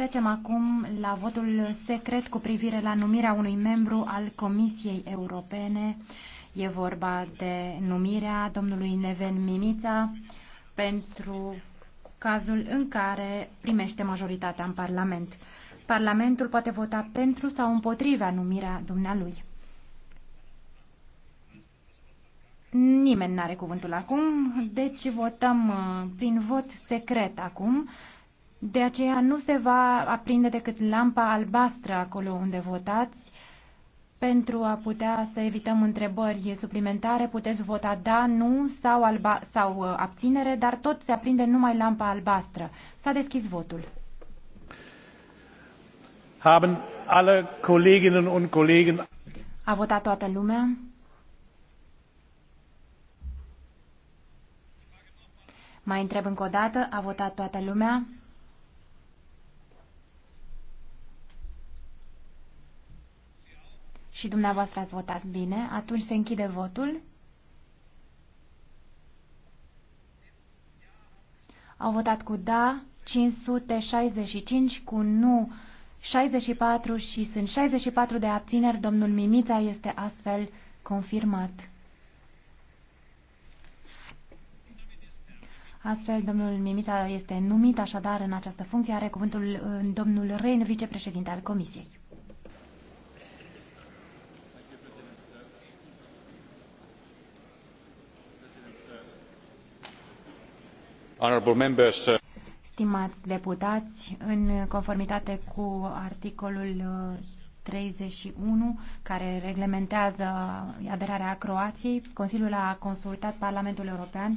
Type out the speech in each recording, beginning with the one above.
Trecem acum la votul secret cu privire la numirea unui membru al Comisiei Europene. E vorba de numirea domnului Neven Mimița pentru cazul în care primește majoritatea în Parlament. Parlamentul poate vota pentru sau împotriva numirea dumnealui. Nimeni nu are cuvântul acum, deci votăm uh, prin vot secret acum de aceea nu se va aprinde decât lampa albastră acolo unde votați. Pentru a putea să evităm întrebări suplimentare, puteți vota da, nu sau, alba, sau uh, abținere, dar tot se aprinde numai lampa albastră. S-a deschis votul. Haben alle Kolleginnen und Kollegen a votat toată lumea? Mai întreb încă o dată, a votat toată lumea? și dumneavoastră ați votat bine, atunci se închide votul. Au votat cu da 565, cu nu 64 și sunt 64 de abțineri. Domnul Mimița este astfel confirmat. Astfel, domnul Mimita este numit așadar în această funcție, are cuvântul uh, domnul Rein, vicepreședinte al Comisiei. Uh, Stimați deputați, în conformitate cu articolul 31, uh, care reglementează aderarea Croației, Consiliul a consultat Parlamentul European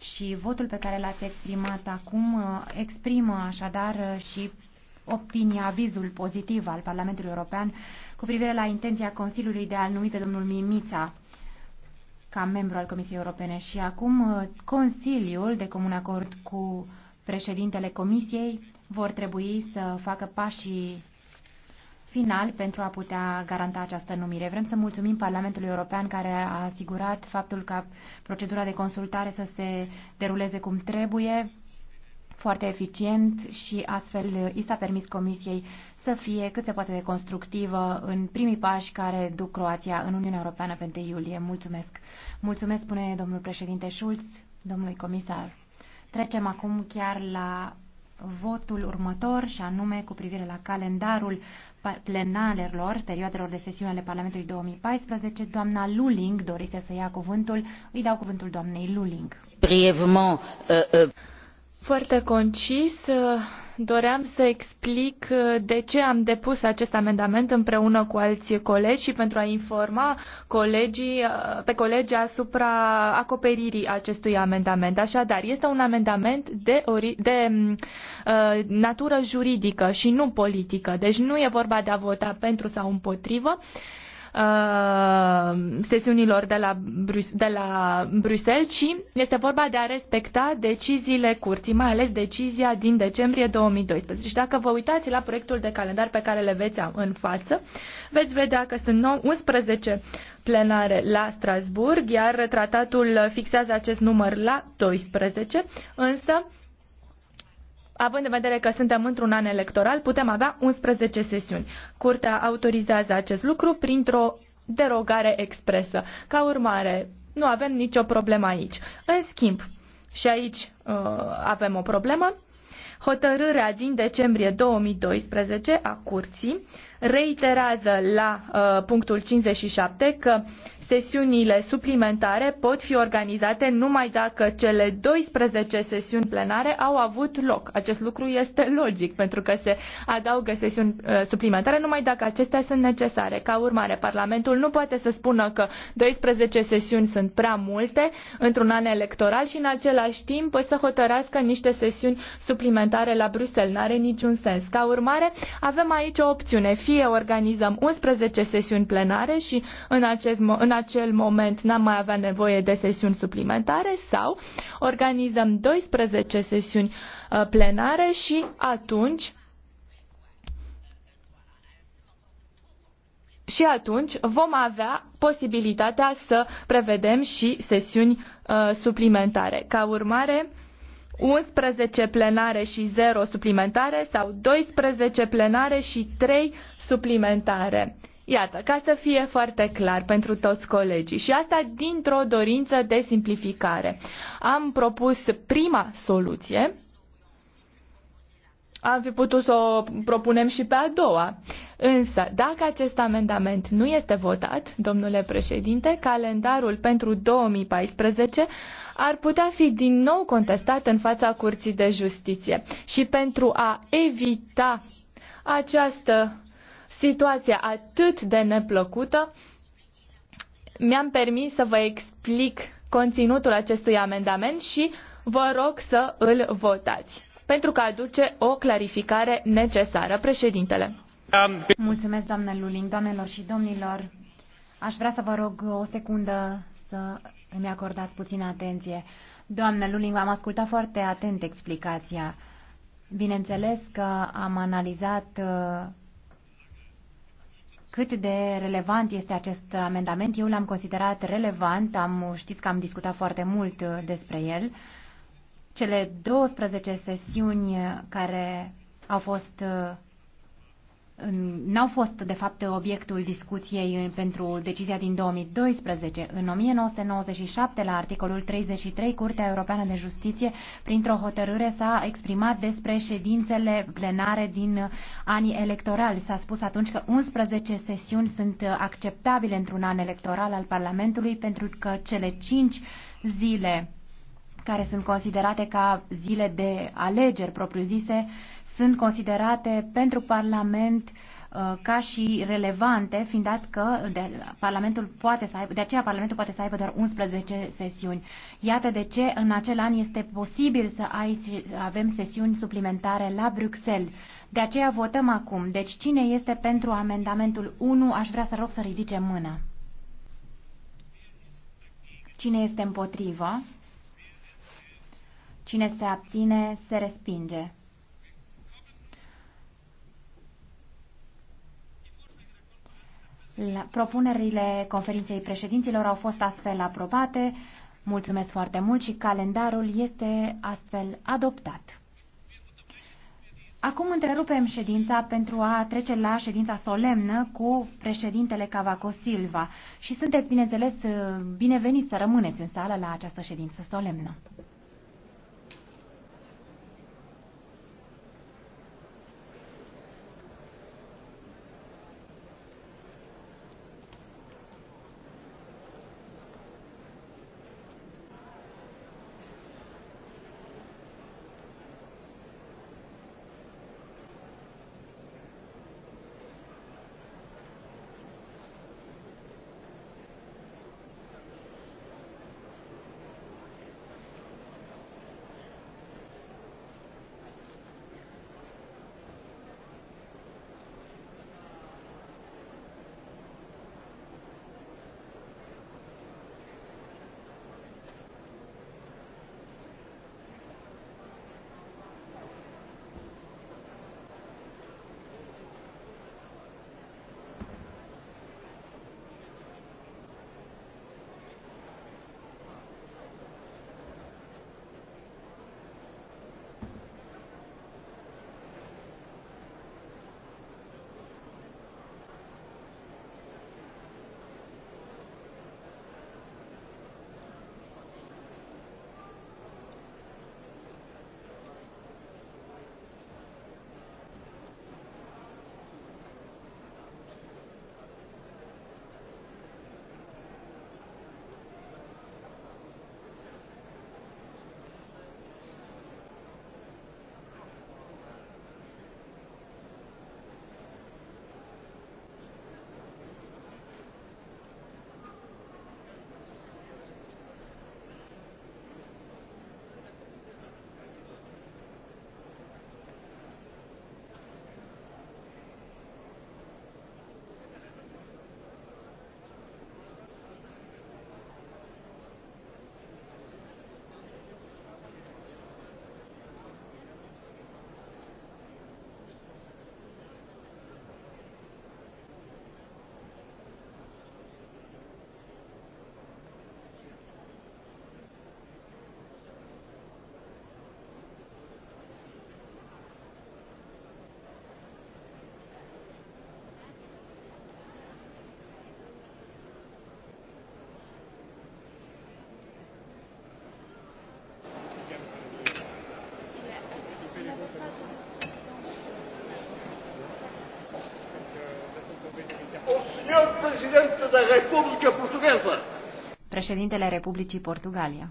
și votul pe care l-ați exprimat acum uh, exprimă așadar și opinia, avizul pozitiv al Parlamentului European cu privire la intenția Consiliului de a numi pe domnul Mimița ca membru al Comisiei Europene și acum uh, Consiliul, de comun acord cu președintele Comisiei, vor trebui să facă pașii final pentru a putea garanta această numire. Vrem să mulțumim Parlamentului European care a asigurat faptul ca procedura de consultare să se deruleze cum trebuie, foarte eficient și astfel i s-a permis Comisiei să fie cât se poate de constructivă în primii pași care duc Croația în Uniunea Europeană pentru iulie. Mulțumesc! Mulțumesc, spune domnul președinte Schulz, domnului comisar. Trecem acum chiar la votul următor și anume cu privire la calendarul plenarelor, perioadelor de sesiune ale Parlamentului 2014. Doamna Luling dorise să ia cuvântul. Îi dau cuvântul doamnei Luling. Brievement, uh, uh. Foarte concis, doream să explic uh, de ce am depus acest amendament împreună cu alți colegi și pentru a informa colegii, uh, pe colegi asupra acoperirii acestui amendament. Așadar, este un amendament de, ori, de mm, uh, natură juridică și nu politică. Deci nu e vorba de a vota pentru sau împotrivă. Uh, Uh, sesiunilor de la, Bru- de la Bruxelles, ci este vorba de a respecta deciziile curții, mai ales decizia din decembrie 2012. Și dacă vă uitați la proiectul de calendar pe care le veți în față, veți vedea că sunt 11 plenare la Strasburg, iar tratatul fixează acest număr la 12, însă având în vedere că suntem într-un an electoral, putem avea 11 sesiuni. Curtea autorizează acest lucru printr-o derogare expresă. Ca urmare, nu avem nicio problemă aici. În schimb, și aici uh, avem o problemă, hotărârea din decembrie 2012 a curții reiterează la uh, punctul 57 că sesiunile suplimentare pot fi organizate numai dacă cele 12 sesiuni plenare au avut loc. Acest lucru este logic, pentru că se adaugă sesiuni uh, suplimentare numai dacă acestea sunt necesare. Ca urmare, Parlamentul nu poate să spună că 12 sesiuni sunt prea multe într-un an electoral și în același timp să hotărească niște sesiuni suplimentare la Bruxelles. N-are niciun sens. Ca urmare, avem aici o opțiune. Fie organizăm 11 sesiuni plenare și în acest, în acel moment n-am mai avea nevoie de sesiuni suplimentare sau organizăm 12 sesiuni uh, plenare și atunci și atunci vom avea posibilitatea să prevedem și sesiuni uh, suplimentare. Ca urmare, 11 plenare și 0 suplimentare sau 12 plenare și 3 suplimentare. Iată, ca să fie foarte clar pentru toți colegii și asta dintr-o dorință de simplificare. Am propus prima soluție, am fi putut să o propunem și pe a doua. Însă, dacă acest amendament nu este votat, domnule președinte, calendarul pentru 2014 ar putea fi din nou contestat în fața Curții de Justiție. Și pentru a evita această Situația atât de neplăcută, mi-am permis să vă explic conținutul acestui amendament și vă rog să îl votați, pentru că aduce o clarificare necesară. Președintele. Mulțumesc, doamnă Luling, doamnelor și domnilor. Aș vrea să vă rog o secundă să îmi acordați puțină atenție. Doamnă Luling, am ascultat foarte atent explicația. Bineînțeles că am analizat uh, cât de relevant este acest amendament. Eu l-am considerat relevant, am, știți că am discutat foarte mult uh, despre el. Cele 12 sesiuni uh, care au fost uh, n-au fost, de fapt, obiectul discuției pentru decizia din 2012. În 1997, la articolul 33, Curtea Europeană de Justiție, printr-o hotărâre, s-a exprimat despre ședințele plenare din anii electorali. S-a spus atunci că 11 sesiuni sunt acceptabile într-un an electoral al Parlamentului, pentru că cele 5 zile care sunt considerate ca zile de alegeri propriu-zise sunt considerate pentru Parlament uh, ca și relevante, fiind dat că de, Parlamentul poate să aibă, de aceea Parlamentul poate să aibă doar 11 sesiuni. Iată de ce în acel an este posibil să, ai, să avem sesiuni suplimentare la Bruxelles. De aceea votăm acum. Deci cine este pentru amendamentul 1? Aș vrea să rog să ridice mâna. Cine este împotrivă? Cine se abține, se respinge. La propunerile conferinței președinților au fost astfel aprobate. Mulțumesc foarte mult și calendarul este astfel adoptat. Acum întrerupem ședința pentru a trece la ședința solemnă cu președintele Cavaco Silva și sunteți, bineînțeles, bineveniți să rămâneți în sală la această ședință solemnă. Președintele Republicii Portugalia.